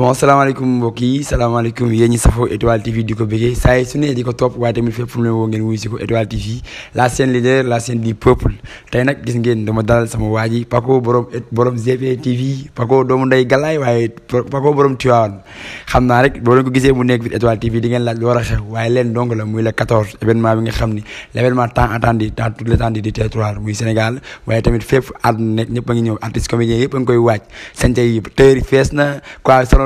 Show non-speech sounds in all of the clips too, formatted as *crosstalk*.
bon salaamaaleykum mbokk yi salaamaaleykum yéen ñi safoo étoile TV di ko bëggee saa yi su ne di ko topp waaye tamit fépp fu woo ngeen wuyu si ko étoile TV la chaîne leader la chaîne du peuple tey nag gis ngeen dama dalal sama waa ji Paco borom borom GP TV Paco doomu ndey galaay waaye Paco borom Tivaouane xam naa rek boo leen ko gisee mu nekk biir étoile TV di ngeen laaj lu a xew waaye leen dong la muy le 14 événement bi nga xam ni l' événement tant attendu dans tout le temps du territoire muy koy waaj sante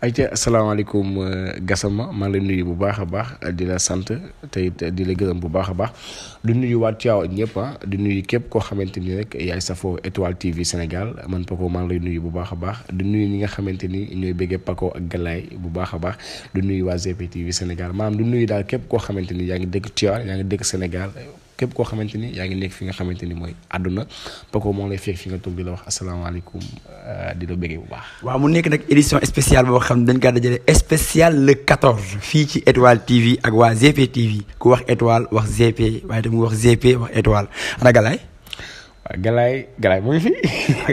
ayca asalaamaaleykum euh, Gassama maa ngi lay nuyu bu baax a baax di la sant te it di la gërëm bu baax a baax di nuyu waa Thiaw ñëpp ah di nuyu képp koo xamante ni rek yaay safoo étoile TV Sénégal man Paco maa ngi lay nuyu bu baax a baax di nuyu ñi nga xamante ni ñooy bëggee Paco ak Galaay bu baax a baax di nuyu waa GP TV Sénégal maanaam di nuyu daal képp koo xamante ni yaa ngi dëkk Thiaw yaa ngi dëkk Sénégal. képp koo xamante ni yaa ngi nekk fi nga xamante ni mooy àdduna Paco moo lay fekk fi nga toog di la wax asalaamaaleykum euh, di la bëggee bu baax. waaw mu nekk nag édition spéciale boo xam dañ kaa dajale spécial le 14 fii ci étoile TV ak waa GP TV ku wax étoile wax GP waaye tamit wax GP wax étoile ana Galaay. waaw Galaay Galaay mu ngi fi.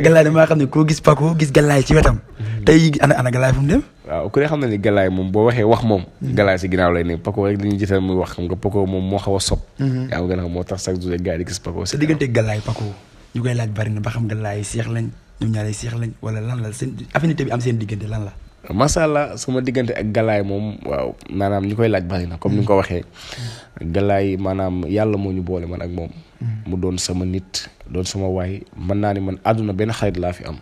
Galaay damaa xam ne koo gis pako gis Galaay ci wetam. Mm-hmm. tey ana ana Galaay fu mu dem. waaw ku ne xam na ni galaay moom boo waxee wax moom mm-hmm. galaay si ginnaaw lay ne Paco rek dañuy jiital muy wax xam nga Paco moom moo xaw a sob mm-hmm. moo tax chaque jour gars yi di gis Paco sa diggante galaay Paco ñu koy laaj bari na ba xam galaay seex lañ ñoom seex lañ wala lan la seen affinité bi am seen diggante lan la macha allah sama diggante ak galaay moom waaw maanaam ñu koy laaj bari na comme ni ko mm-hmm. waxee galaay maanaam yàlla moo ñu boole man ak moom mu doon sama nit doon sama waay mën naa ne man àdduna benn xarit laa fi am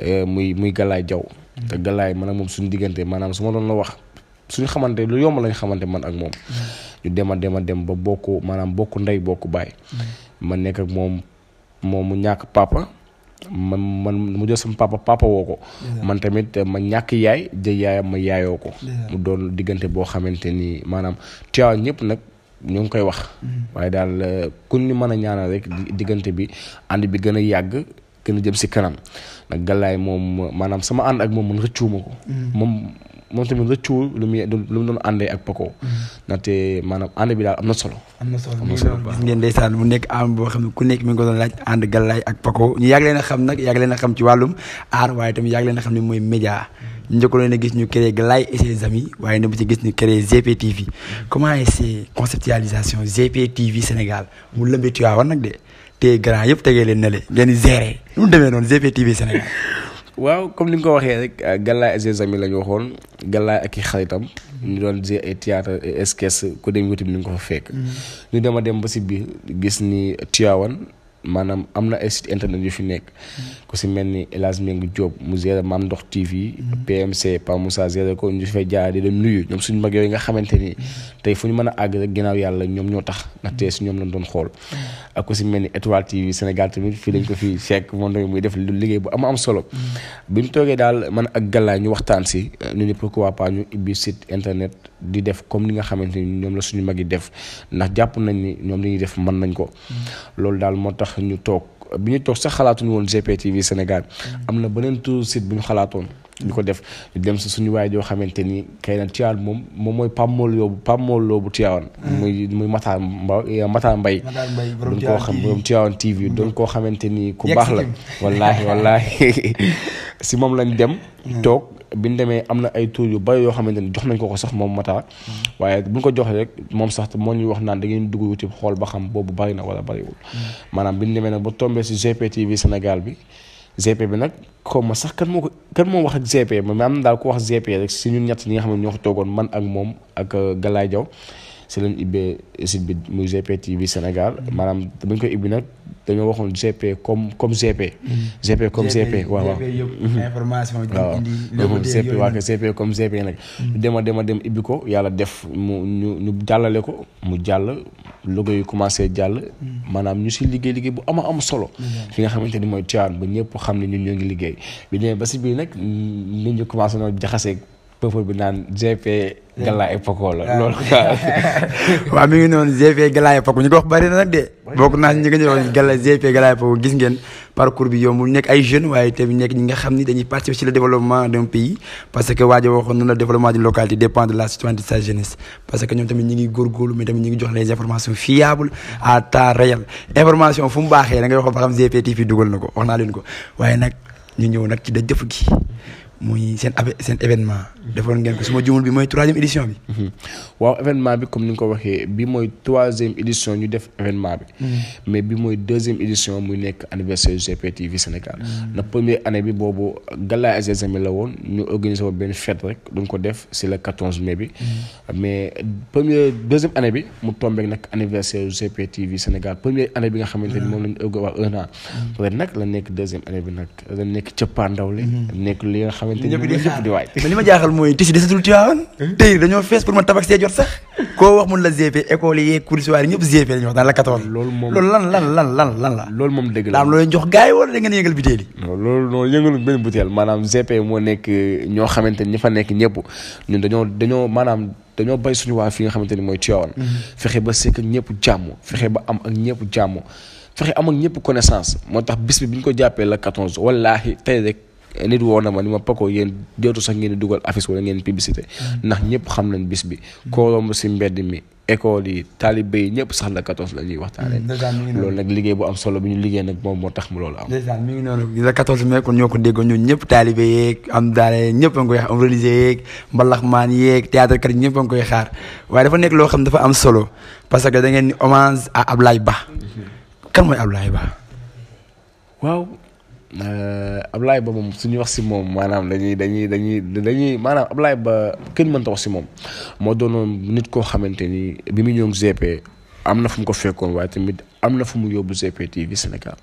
eh, muy muy galaay jaw te Galaye man ak moom suñu diggante maanaam su ma doon la wax suñu xamante lu yomb lañ xamante man ak moom. ñu dem a dem a dem ba bokk maanaam bokk ndey bokk baay. ma nekk ak moom moom mu ñàkk papa. man man mu jël sama papa papa ko. man tamit ma ñàkk yaay jë yaayam ma yaayoo ko. mu doon diggante boo xamante ni maanaam tuutiwaayu ñëpp nag. ñu ngi koy wax. Mm. waaye daal eh, ku ñu mën a ñaanal rek diggante bi ànd bi gën a yàgg. gën a jëm si kanam nag gàllaay moom maanaam sama ànd ak moom man rëccuwuma mm. moom moom tamit lu muy lu mu doon àndee ak Paco. Mm. ndaxte maanaam ànd bi daal am na solo. am na solo gis ngeen ndeysaan mu nekk am boo xam ne ku nekk mi ngi ko doon laaj ànd gàllaay ak Paco a xam nag yàgg leen a xam ci wàllum aar waaye tamit yàgg leen a xam ne mooy média. njëkkoon na gis ñu créé Galaye et ses amis waaye na bu ci gis ñu créé GPTV mm. comment est-ce conceptualisation GPTV Sénégal mu lëmbee Tivaouane nag de. te grand yëpp tegee leen nele ngeen gérer nu mu demee noonu GPTV Sénégal. waaw comme ni nga ko waxee rek Galaye ak ses amis la ñu waxoon Galaye ak i xaritam. ñu doon jé ay théâtre et esquisse ku dem wuti bi ni nga ko fa fekk. Mm-hmm. ñu dema dem ba si biir gis ni Tivaouane. maanaam am na ay site internet yu fi nekk ko si mel ni El Hadj Mbengue Diop mu géré Maam Ndox TV PMC Pa Moussa géré ko ñu fay jaar di dem nuyu ñoom suñu mag yooyu nga xamante ni tey fu ñu mën a àgg yàlla ñoom ñoo tax ndaxte si ñoom lañ doon xool ak si mel ni Étoile TV Sénégal fii lañ ko fi fekk moom muy def lu liggéey bu am am solo bi mu toogee daal man ak Galaay ñu waxtaan si ñu ni pourquoi pas ñu ibbi site internet di def comme ni nga xamante ni ñoom la suñu mag yi def ndax jàpp nañ ni ñoom li ñuy def mën nañ ko loolu daal moo tax tax ñu toog bu ñu toog sax xalaatuñu woon GPTV Sénégal mm. am na beneen tour sit bu ñu xalaatoon ñu ko def dem si suñu waay joo xamante ni kay na Tivaouane moom moom mooy pammool yoobu pammool loobu Tivaouane mm. muy muy eh, Matar Mbaye Matar Mbaye doon koo xam borom mm-hmm. xamante ni ku baax la wallaahi wallaahi *laughs* si moom lañ dem mm. toog bi ñu demee am na ay tour yu bari yoo xamante ni jox nañ ko ko sax moom Matar waaye bu ñu ko joxee rek moom sax moo ñuy wax naan da ngeen dugg wuti xool ba xam boobu bari na wala bariwul mm. maanaam bi ñu nag ba tombee si GPTV Sénégal bi GP bi nag xaw ma sax kan moo ko kan moo wax ak GP ma am na daal ku wax GP rek si ñun ñett ñi nga xam ne ñoo ko toogoon man ak moom ak euh, Galaye Diaw si lañ ibbee site bi muy GP TV Sénégal maanaam bañ koy ibbi nag dañoo waxoon GP comme comme GP. Mm-hmm. GP comme GP waaw waaw mm-hmm. information comme GP nag. Mm-hmm. dem a dem a dem ko yàlla def mu ñu ñu jàllale ko mu jàll logo yu commencé jàll. maanaam ñu si liggéey liggéey bu ama am solo. ki nga xamante ni mooy Tivaouane ba ñëpp xam ne ñu ñoo ngi liggéey bi demee ba si biir nag nit ñu commencé noo jaxasee. peuple bi naan GP. Galaye Poko la ah. loolu. *laughs* waaw mi GP Galaye Poko ñu ko na nag de. bokk naa si ñi nga ñu Gala GP Galaye Poko gis ngeen parcours bi yombul nekk ay jeunes waaye tamit nekk ñi nga xam ni dañuy participer ci le développement d'un pays. parce que waa ji waxoon na le développement d'une localité dépend de la situation sa jeunesse parce que ñoom tamit ñi ngi góorgóorlu mais tamit ñi ngi jox les informations fiables à information fu mu baaxee da ngay wax ba xam GP na ko wax naa leen ko waaye nag ñu ñëw nag ci daj jëf gi. muy seen seen événement. defoon ngeen ko suma ma juumul bi mooy troisième édition bi. Mhm. waaw événement bi comme ni nga ko waxee bi mooy troisième édition ñu def événement bi. Mhm. mais bi mooy deuxième édition muy nekk anniversaire GPTV Sénégal. Mhm. na première année bi boobu gala SSM la woon ñu organiser woon benn fête rek duñ ko def c'est le 14 mai bi. mais première deuxième année bi mu tombé nag anniversaire GPTV Sénégal première année bi nga xamante ni ah. moom la ñu ëgg wax un an. peut nag la nekk deuxième année bi nag la nekk cëppaandaw li nekk li nga xam xamante di ñëpp di waaj mais li ma jaaxal mooy tisi desatul Tiwaawan tey dañoo fees pour ma tabax see jot sax koo wax mun la GP école yi coursiwaar yi ñëpp GP la ñu wax daal la 14 loolu moom loolu lan lan lan lan lan la loolu moom dëgg la am loolu jox gars yi wala da ngeen yëngal butéel yi loolu noonu yëngaluñ benn butéel maanaam GP moo nekk ñoo xamante ni ñi fa nekk ñëpp ñun dañoo dañoo maanaam dañoo bay suñu waa fi nga xamante ni mooy Tiwaawan mhm. fexe ba sekk ñëpp jàmm fexe ba am ak ñëpp jàmm fexe am ak ñëpp connaissance moo tax bis bi bi ñu ko jàppee la 14 wallaahi tey rek nit woo na ma ni ma pako sax ngeen di dugal affiche wala ngeen publicité mm. ndax ñëpp xam nañ bis bi mm. koo romb si mbedd mi école yi taalibe yi ñëpp sax la 14 la ñuy waxtaanee mm, nag liggéey bu am solo bi ñu liggéey nag moom moo tax mu loolu am ndeysaan mi ngi noonu la 14 mai kon ñoo ko déggoo ñun ñëpp taalibe yeeg am daale ñëpp a ngi koy am religieux yeeg mbalaxmaan yeeg théâtre kat ñëpp a ngi koy xaar waaye dafa nekk loo xam dafa am solo parce que da ngeen ni hommage à Ablaye Ba mm-hmm. kan mooy Ablaye Ba waaw Euh, laay Ba moom suñu wax si moom maanaam dañuy dañuy dañuy dañuy maanaam Ablaye Ba kenn mënta wax si moom moo doonoon nit koo xamante ni bi mu ñëw GP am na fu mu ko fekkoon waaye tamit am na fu mu yóbbu GP TV Sénégal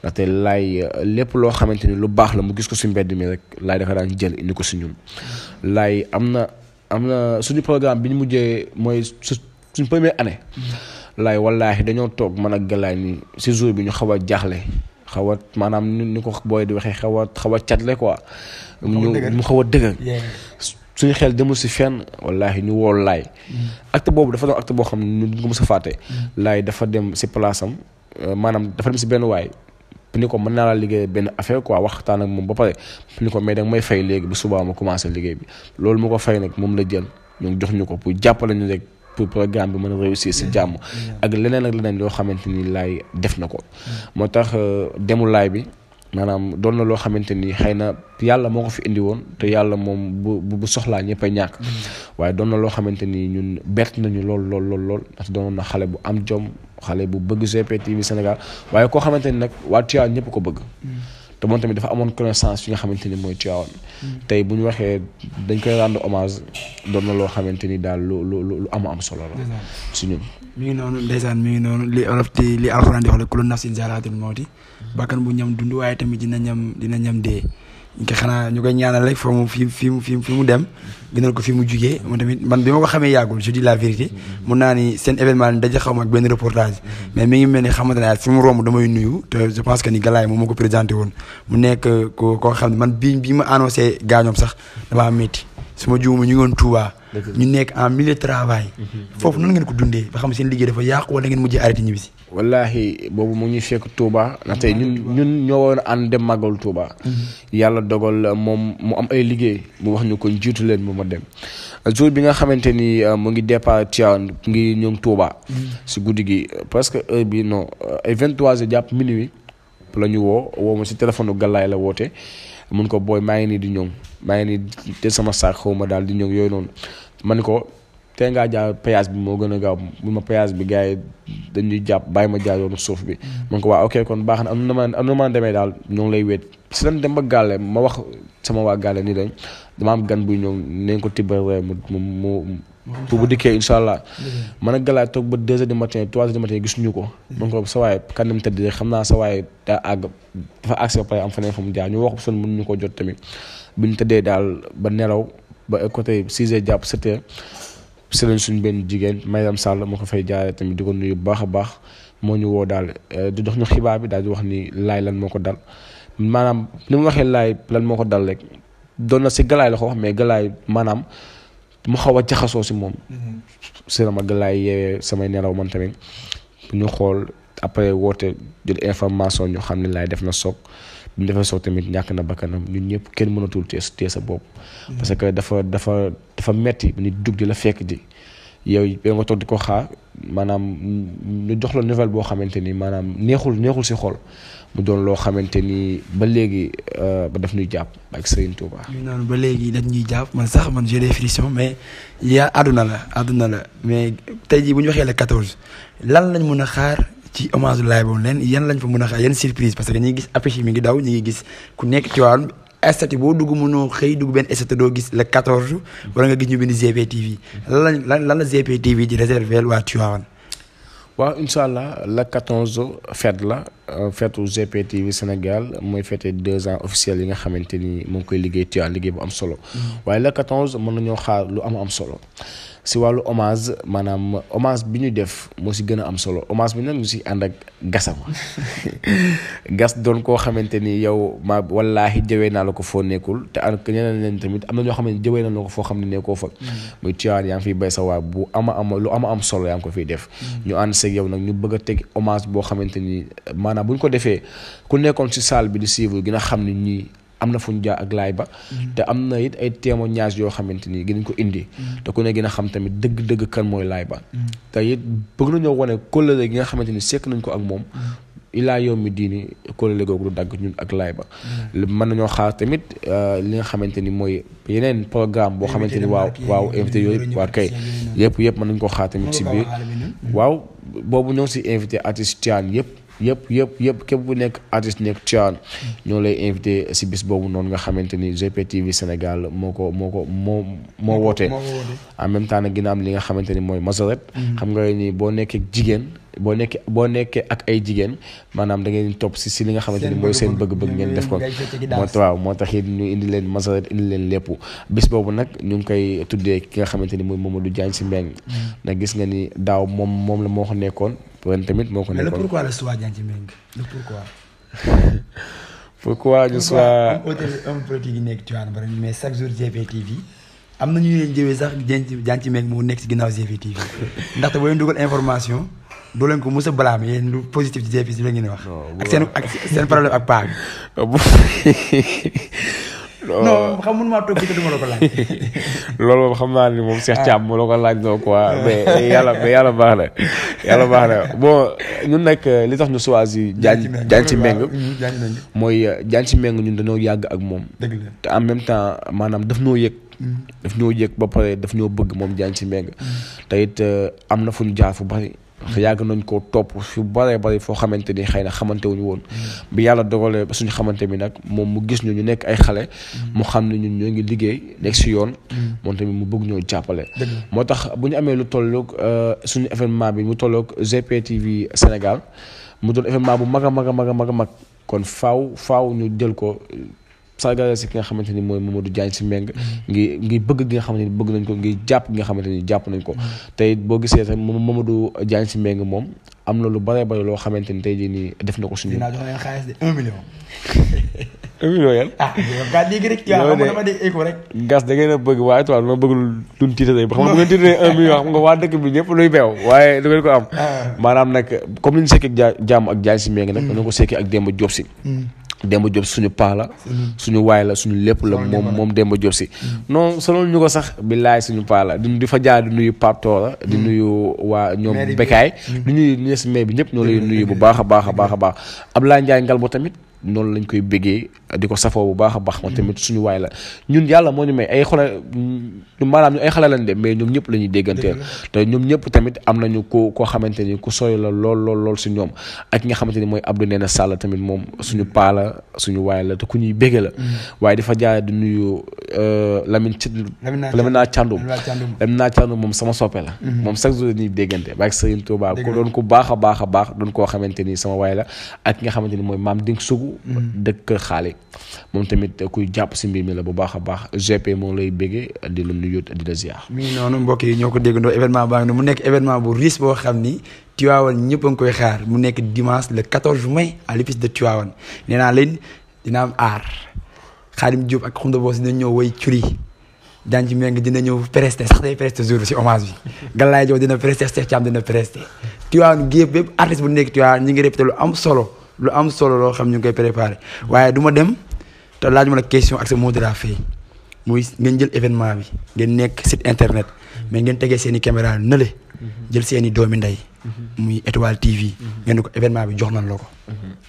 ndaxte laay lépp loo xamante ni lu baax la mu gis ko si mbedd mii rek laay dafa daan jël indi ko si ñun laay am na am na suñu programme bi ñu mujjee mooy su suñu première année mm-hmm. laay wallaahi dañoo toog man ak galaay ni si jour bi ñu xaw a jaaxle xaw a maanaam ni ko booy di waxee xaw a xaw a catle quoi. mu xaw a dëgër suñu xel demul si fenn wallaahi ñu woo laay. Mm. acte boobu dafa doon acte boo xam ne duñ ko mës a fàtte. Mm. laay dafa dem si place am euh, maanaam dafa dem si benn waay. ni man mën naa laa liggéey benn affaire quoi waxtaan ak moom ba pare ni ko mais danga may fay léegi bu subaa ma commencé liggéey bi loolu mu ko fay nag moom la jël ñu jox ñu ko pour jàppale ñu rek pour programme bi mën a réussir si jàmm ak leneen ak leneen yoo xamante nii laay def na ko mm. moo tax euh, demul laay bi maanaam doon na loo xamante nii xëy na yàlla moo ko fi indi woon te yàlla moom bu bu soxlaa ñëpp a ñàkk mm. waaye doon na loo xamante ni ñun bert nañu lool lool lool ndax doonoon na xale bu am jom xale bu bëgg GP TV Sénégal waaye koo xamante ni nag waa Tivaouane ñëpp ko bëgg mm. te moom tamit dafa amoon connaissance fi nga xamante ni mooy Tivaouane. tey bu ñu waxee dañ koy rendre hommage doon na loo xamante ni daal lu lu lu am solo la. si ñun. mi ngi noonu ndeysaan mi ngi noonu li olof di li alxuraan di wax la kullu nafsin zaaratul mawti bakkan bu ñam dund waaye tamit dina ñam dina ñam dee. ñu koy xanaa ñu koy ñaanal rek foo mu fi fi fi mu dem gënal ko fi mu jugee moom tamit man bi ma ko xamee yàggul je dis la vérité mun naa ni seen événement ni daja xaw ma ak benn reportage mais mi ngi mel ni xamante ne fi mu romb damay nuyu te je pense que ni galaay moom moo ko présenté woon mu nekk euh, ko koo xam ne man bi bi ma annoncé gaañoom sax damaa métti su ma juuma ñu ngi woon Touba ñu nekk en milieu de travail mhm. foofu nan ngeen ko dundee ba xam seen liggéey dafa yàqu wala ngeen mujjee arrêté ñibbi wallahi boobu mu ngi fekk Touba ndaxte ñun ñun ñoo waroon ànd dem màggal Touba. Mm-hmm. yàlla dogal euh, moom mu am ay liggéey mu wax ñu ko jiitu leen bu ma dem jour bi nga xamante ni euh, mu ngi départ Thiawane ngi ñëw Touba. Mm-hmm. si guddi gi presque heure bi non euh, ay vingt trois heures jàpp minuit la ñu woo woo si téléphone gàllaay la woote mun ko booy maa ngi nii di ñëw maa ngi nii te sama saak xawma daal di ñëw yooyu noonu man tey ngaa jaar péage bi moo gën a gaaw bu ma péage bi gars yi dañuy jàpp bàyyi ma jaar yoonu suuf bi mm-hmm. man ko waa ok kon baax na am na ma am na ma demee daal ñoo ngi lay wéet si lan dem ba gàlle ma wax sama waa gàlle nii lañ dama am gan buy ñëw nañ ko tibbal ree mu mu pour bu mm-hmm. ko mm-hmm. man ko sa waay kan dem sa waay daa àgg dafa àgg ba pare am feneen ko son mënuñu ko jot tëddee daal ba nelaw ba côté six heures jàpp sëriñ suñ benn jigéen Mayram Sall moo ko fay jaaree tamit di ko nuyu bu baax a baax moo ñu woo daal eh, di jox ñu xibaar bi daal di wax ni laay lan moo ko dal maanaam ni mu waxee laay lan moo ko dal rek doon na si galaay la ko wax mais galaay maanaam mu xaw a jaxasoo si moom. Mm-hmm. sëriñ ma galaay yeewee samay nelaw man tamit ñu xool après woote jël information ñu xam ne laay def na soog. bi mu defee tamit ñàkk na bakkanam ñun ñëpp kenn mënatul tee tee sa bopp. Mm. parce que dafa dafa dafa metti nit dug di la fekk di yow yow toog di ko xaar maanaam ñu jox la nouvelle boo xamante ni maanaam neexul neexul si xol mu doon loo xamante ni ba léegi euh, ba def ñuy jàpp ak Serigne Touba. ñu naan ba léegi daf ñuy jàpp man sax man j'ai des frissons mais yaa àdduna la àdduna la mais tey jii bu ñu waxee le 14 lan lañ mën a xaar. ci hommage la laay len leen yan lañ fa mëna surprise parce que ñi gis affiche mi ngi daw ñi gis ku nekk ci estati dugg gis le 14 wala nga gis ñu bind GP TV lan lan la GP TV di réserver waa Tivaouane. wa inshallah le 14 fête la euh, fêtu GP TV Sénégal mooy fété deux ans officiel yi nga xamanteni mo liggéey liggéey bu am solo. Mm. waaye le 14 mëna nañoo xaar lu am am solo. si wàllu omage maanaam hommage bi ñu def moo si gën a am solo hommage bi nag ñu si ànd ak gasama *laughs* gas doon koo xamante ni yow ma wallaahi jawee naa la ko foo nekkul te ak ñeneen leen tamit am na ñoo xam ne jawee naa ko foo xam ne nekkoo fa mm-hmm. muy Tivaouane yaa ngi bu ama ama lu ama am solo yaa ngi ko fiy def mm-hmm. ñu ànd seeg yow nag ñu bëgg a teg hommage boo xamante ni maanaam bu ñu ko defee ku nekkoon si salle bi di suivre gën xam ni ñii am na fu ñu jaar ak laay ba mm-hmm. te am na it ay témoignages yoo xamante ni ginañ ko indi mm-hmm. te ku ne gën a xam tamit dëgg-dëgg kan mooy laay ba mm-hmm. te it bëgg nañoo wane kóllëre gi nga xamante ni sekk nañ ko ak moom ilaa yow mi diini kóllëre googu du dagg ñun ak laay ba mën nañoo xaar tamit euh, li nga xamante ni mooy yeneen programme boo xamante ni waaw waaw invité yooyu waa kay yëpp yëpp mën nañ koo xaar tamit si biir waaw boobu ñoo ngi si invité artiste Thiane yëpp yëpp yëpp yëpp képp bu nekk artiste nekk Tian ñoo lay invité si bis boobu noonu nga xamante ni GPTV Sénégal moo ko moo ko moo moo wootee en même temps nag dina am li nga xamante ni mooy Mazaret mm-hmm. xam nga ni boo nekkee jigéen boo nekkee boo nekkee ak ay jigéen maanaam da ngeen topp si si li nga xamante ni mooy seen bëgg-bëgg ngeen def ko moo waaw moo tax it ñu indi leen masaret indi leen lépp bis boobu nag ñu ngi koy tuddee ki nga xamante ni mooy Mamadou Diagne Sy Mbengue mm. nag gis nga ni daaw moom moom la moo ko nekkoon ren tamit moo ko nekkoon mais le pourquoi la Sowa Diagne Sy Mbengue le pourquoi ñu *laughs* nekk Tivaouane Peulh mais chaque jour GPTV am na ñu leen jëwee sax Diagne Sy Mbengue moo nekk si ginnaaw GPTV *laughs* ndaxte boo leen dugal information doo leen ko mos a balaam yéen lu positif ci JPS la ngeen di wax. ak seen ak seen problème ak paa ah, *laughs* non xam mun maa toog bi te duma la ko laaj. *laughs* loolu moom xam naa ni moom Cheikh ah. ko laaj noo quoi ah. mais yàlla mais yàlla baax na yàlla baax na bon ñun nag euh, li tax ñu choisir. Diagne Diagne Sy Mbengue mooy Diagne Sy Mbengue ñun dañoo yàgg ak moom. dëgg la te en même temps maanaam daf noo yëg. Mm. daf ñoo yëg ba pare daf ñoo bëgg moom Diagne Sy Mbengue. Mm. te it euh, am na fu ñu jaar fu bari. parce que yàgg nañ koo topp fu bare bari foo xamante ni xëy na xamante wuñu woon bi yàlla dogalee suñu xamante bi nag moom mu gis ñu ñu nekk ay xale mu xam ne ñun ñoo ngi liggéey nekk si yoon moom tamit mu bëgg ñoo jàppale moo tax bu ñu amee lu tolloog euh, suñu événement bi mu tolloog GPTV Sénégal mu doon événement bu mag a mag a mag a a kon faaw faaw ñu jël ko sargal si ki nga xamante ni mooy Mamadou Diagne si Mbengue ngi ngi bëgg gi nga xamante ni bëgg nañ ko ngi jàpp gi nga xamante ni jàpp nañ ko tey boo gisee tam Mamadou Diagne si Mbengue moom am na lu bare bare loo xamante ni tey jii nii def na ko suñu dinaa jox leen xaalis de un million *laughs* un million yan ah gas léegi da ngeen a bëgg waaye tubaab bëgg luñ tiitale ba xam nga bu nga waa dëkk bi ñëpp luy beew waaye du ngeen ko ah. maanaam nag comme ni ñu sekkee jàmm ak Diagne si Mbengue nag mm. dañu ko sekkee ak Demba Diop si mm. Demba Diop suñu paa la. Mm-hmm. suñu waay la suñu lépp la moom moom Demba Diop si. Mm-hmm. non selon ñu ko sax billaay suñu paa la di fa jaar di nuyu Pape Toora di mm-hmm. nuyu waa ñoom Bekaay. di nuyu ñees maire bi ñëpp ñoo lay nuyu bu baax a baax a baax a baax Abdoulaye Ndiaye Ngalbo tamit. noonu lañ koy bëggee di ko safoo bu baax a baax. moom tamit suñu waay la ñun yàlla moo ñu may ay xale maanaam ñu ay xale lañ de mais ñoom ñëpp la ñuy dégganteel. te ñoom ñëpp tamit am nañu ko koo xamante ni ku sooy la lool lool lool si ñoom ak nga xamante ni mooy Abdou Neena Sall tamit moom suñu paa la suñu waay la te ku ñuy bëggee la. Mm. waaye dafa jaay di nuyu euh, Lamine. Lamine Thiandoum Lamine Thiandoum moom sama soppe la. Mm-hmm. moom chaque jour dañuy déggante ba ak Serigne Touba ko doon ku baax a baax a baax doon koo xamante ni sama waay la ak nga xamante ni mooy maam Ding Sougou Mm. dëkk xaali moom tamit kuy jàpp si mbir mi la bu baax a baax GP moo lay béggee di la nuyu di la ziar. mi noonu mbokk yi ñoo ko déggandoo événement baa ngi noonu mu nekk événement bu risque boo xam ni Tivaouane ñëpp a ngi koy xaar mu nekk dimanche le 14 mai à l'épice de Tivaouane nee naa leen dina am aar Khadim Diop ak Khoumda Boss dina ñëw woy curi daan ci méng dina ñëw presté sax day presté jour bi si hommage bi Galaye Diop dina presté Cheikh Thiam dina presté Tivaouane gépp bépp artiste bu nekk Tivaouane ñu ngi répété lu am solo lu am solo loo xam ñu ngi koy préparé waaye du ma dem te laaj ma la question ak sa mot de muy ngeen jël événement bi ngeen nekk site internet mais ngeen tegee seen i caméra nële jël seen i doomi ndey muy étoile TV ngeen ko événement bi jox nañ la ko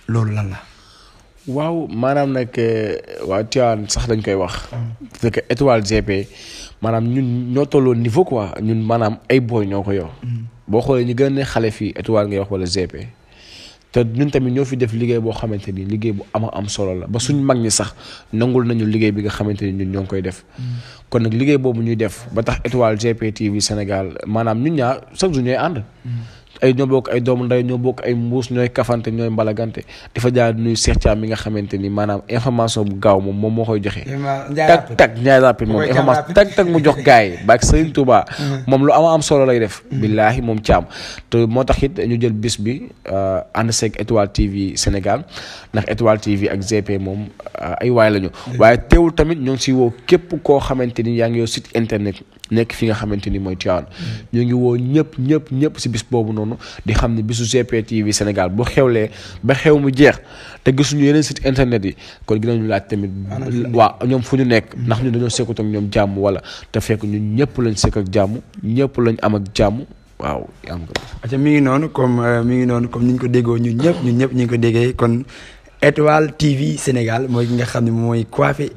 loolu lan la waaw maanaam nag euh, waa Tivaouane sax dañ koy wax parce que étoile GP maanaam ñun ñoo tolloo niveau quoi ñun maanaam ay boy ñoo ko yow mm-hmm. boo xoolee ñu gën a ne xale fii étoile ngay wax wala GP te ñun tamit ñoo fi def liggéey boo xamante nii liggéey bu ama am solo la ba suñ mag ñi sax nangul nañu liggéey bi nga xamante ni ñun ñoo ngi koy def mm. kon nag liggéey boobu ñuy def ba tax étoile GP TV Sénégal maanaam ñun ñaar chaque jour ñooy ànd mm. ay ñoo bokk ay doomu nday ñoo bokk ay mbuus ñooy kafante ñooy mbalagante dafa jaar nuyu Cheikh Thiam mi nga xamante ni maanaam information bu gaaw moom moom moo koy joxe. tak tak ñaay rapide moom information tak tak mu jox gars yi baak Serigne mm-hmm. moom lu ama am solo lay def mm-hmm. billaahi moom Thiam te moo tax it ñu jël bis bi euh, ànd seeg Étoile TV Sénégal ndax Étoile TV ak GP moom euh, ay waay la mm-hmm. waaye teewul tamit ñoo ngi si woo képp koo xamante ni yaa ngi yow site internet nekk fi nga xamante ni mooy Tivaouane ñu ngi woo ñëpp ñëpp ñëpp si bis boobu noonu di xam ne bisu GPTV Sénégal bu lee ba xew mu jeex te gisuñu yeneen sit internet yi kon dinañu laaj tamit waaw ñoom fu ñu nekk ndax ñu dañoo sekkut ak ñoom jàmm wala te fekk ñu ñëpp lañ sekk ak jàmm ñëpp lañ am ak jàmm waaw am ko aca mi ngi noonu comme euh, mi ngi noonu comme ni ñu ko déggoo ñu ñëpp ñu ñëpp ñu ngi ko déggee kon Étoile TV Sénégal mooy ki nga xam ne mooy coiffé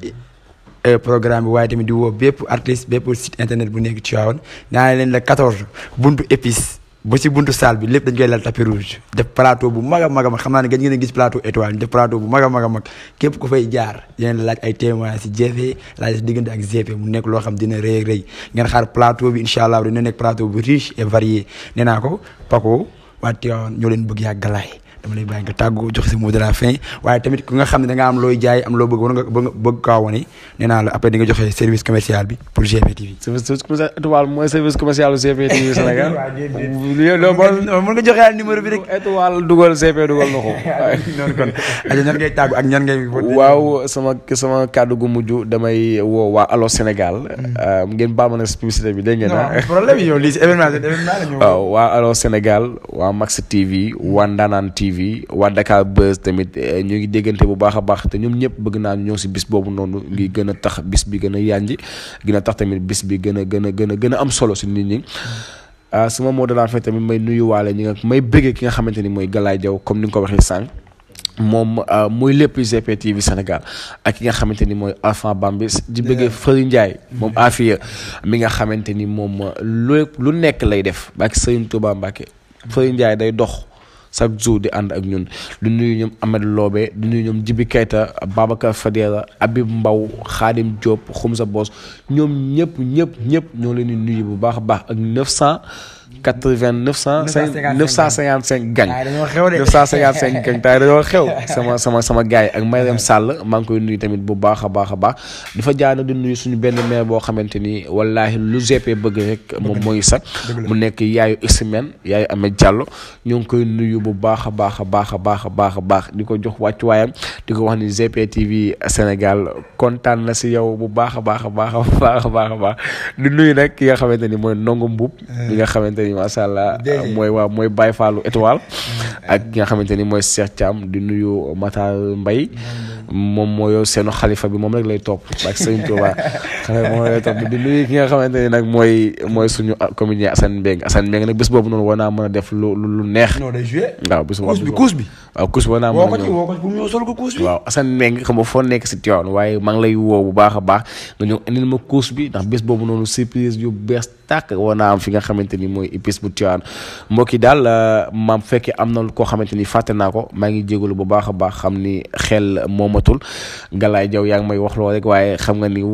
Euh, programme bi waaye tamit di woo bépp artiste bépp site internet bu nekk Tivaouane naa leen la 14 buntu épice ba si buntu salle bi lépp dañ koy lal tapis rouge def plateau bu mag a mag a xam naa ne gën ngeen a gis plateau étoile def plateau bu mag a mag a mag képp ku fay jaar yeneen laaj ay témoins si GFE laaj si diggante ak GFE mu nekk loo xam dina rëy rëy ngeen xaar plateau bi incha allah dina nekk plateau bu riche et varié nee naa ko Paco waa Tivaouane ñoo leen bëgg yàggalaay dama lay bàyyi nga tàggoo joxe sa mot de la fin waaye tamit ku nga xam ne da nga am looy jaay am loo bëgg war nga bëgg kaa wane nee naa la après di nga joxe service commercial bi pour GPTV. service commercial étoile mooy service commercial bu GPTV *laughs* Sénégal. waaw mën nga joxe yaal numéro bi rek. étoile dugal CP dugal na ko. *laughs* noonu kon aja ñan ngay tàggu ak ñan ngay. waaw sama sama kàddu gu mujj damay woo waa Allo Sénégal. Hmm. ngeen baal ma ne publicité bi dégg ngeen. non *laughs* problème yow lii si événement la ñu. waaw waa Allo Sénégal waa Max TV waa TV. TV waa Dakar Buzz tamit eh, ñu ngi déggante bu baax a baax te ñoom ñëpp bëgg naa ñëw si bis boobu noonu ngi gën a tax bis bi gën a yànji gën a tax tamit bis bi gën a gën a gën a gën a am solo si nit nii ah sama mot de la fin tamit may nuyuwaale ñi nga may bëggee ki nga xamante ni mooy Galaye Diaw comme ni nga ko waxee sànq. moom ah, muy lépp GP TV Sénégal ak ki nga xamante ni mooy Alpha Bambis di bëggee Fëri Ndiaye moom Afia mi nga xamante ni moom lu lu nekk lay def ba ak Serigne Touba Mbacke Fëri Ndiaye chaque jour di ànd ak ñun du nuyu ñoom Ahmed loobe du nuyu ñoom Jibi Kayta Babacar Fadiela Abib Mbaw Xaadim Diop sa Boos ñoom ñëpp ñëpp ñëpp ñoo leen di nuyu bu baax a baax ak 900. quatre vingt neuf cent. neuf cent cinquante cinq gañ. neuf cent cinquante cinq gañ tay dañoo xew. *laughs* sama sama sama gars yi ak Mariam Sall maa koy nuyu tamit bu baax a baax a baax dafa jaanoo di nuyu suñu benn maire boo xamante ni wallaahi lu GP bëgg rek moom mooy sax. mu nekk yaayu Ismaël yaayu Ameth Diallo ñoo ngi koy nuyu bu baax a baax a baax a baax a baax a baax di ko jox wàccuwaayam di ko wax ni GPTV Sénégal kontaan na si yow bu baax a baax a baax a baax a baax a baax di nuyu rek ki nga xamante ni mooy Ndongo mbub bi nga xamante ni macha allah mooy waaw mooy Baye Fallou étoile mm. ak ki nga xamante ni mooy Cheikh Thiam di nuyu Matar mbay moom mooy yor seenu xalifa bi moom rek lay topp ak Sëriñ Tuuba xalifa moom nga xamante ni nag mooy mooy suñu comédien Assane Mbeng Assane Mbeng nag bés boobu noonu war naa mën a def lu lu neex. non kuus bi waaw kuus bi war naa mën a. woo ko ci woo ko ko kuus bi. waaw Assane Mbeng foo nekk si Tivaouane waaye maa ngi lay woo bu baax a baax nga ñëw indil ma kuus bi ndax bés boobu noonu surprise yu bees tàkk war naa am fi nga xamante ni mooy épice bu Tivaouane mbokk yi daal euh, maam fekk am na koo xamante ni fàtte naa ko maa ngi jégalu bu baax a baax xam ni xel moom amatul Galaye Diaw yaa ngi may wax loo rek waaye xam nga ni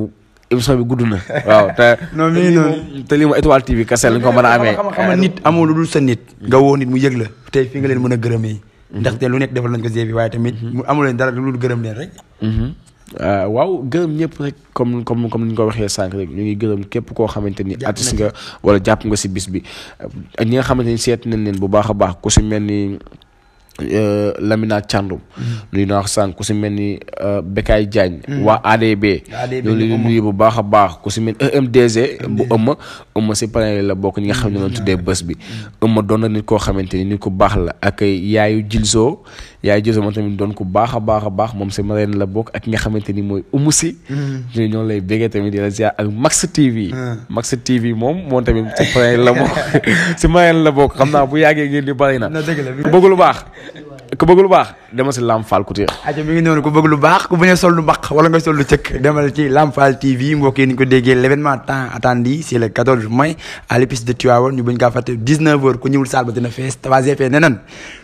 émission bi gudd na. waaw te. *laughs* non mais noonu te lii moom Étoile TV kese lañ ko mën a amee. nit amul lu dul sa nit. Mm-hmm. nga woo nit mu yëg la tey fi nga leen mën a gërëmee. Mm-hmm. ndaxte lu nekk defal nañ ko GFI waaye tamit. Mm-hmm. mu amul leen dara lu dul gërëm leen rek. Ah, waaw gërëm ñëpp rek comme comme comme ni ñu ko waxee sànq rek ñu ngi gërëm képp koo xamante ni artiste nga wala jàpp nga si bis bi ak ñi nga xamante ni seet nañ leen bu baax a baax ku si Euh, Lamina Thiandoum mm-hmm. nuyu naa sànq ku si mel ni euh, Bekay Diagne mm-hmm. waa ADB ñoo leen nuyu bu baax a baax ku si mel EMDG euh, e e bu ëmma ëmma si panel la bokk ñi nga xam ne noonu tuddee mm-hmm. bés bi ëmma doon na nit koo xamante ni nit ku baax la ak yaayu Jilso yaay Joso moom tamit doon ku baax a baax a baax moom si marraine la bokk ak nga xamante ni mooy umu si. Mm-hmm. ñooñu ñoo lay béggee tamit di la ziar ak Max ah. moom moom tamit *laughs* si marraine la moom si marraine la bokk xam naa bu yàggee ngeen di bari na. na dëgg la bëgg lu baax. ku bëgg lu baax demal si Lamp Fall Couture. ajo mi ngi noonu ku bëgg lu baax ku bañ a sol lu mbaq wala nga sol lu cëkk demal ci Lamp Fall TV mbokk yi ko déggee l'événement temps attendu c'est le 14 mai à l'épice de Tivaouane ñu bañ kaa fàtte 19 heures ku ñëwul saal ba dina fees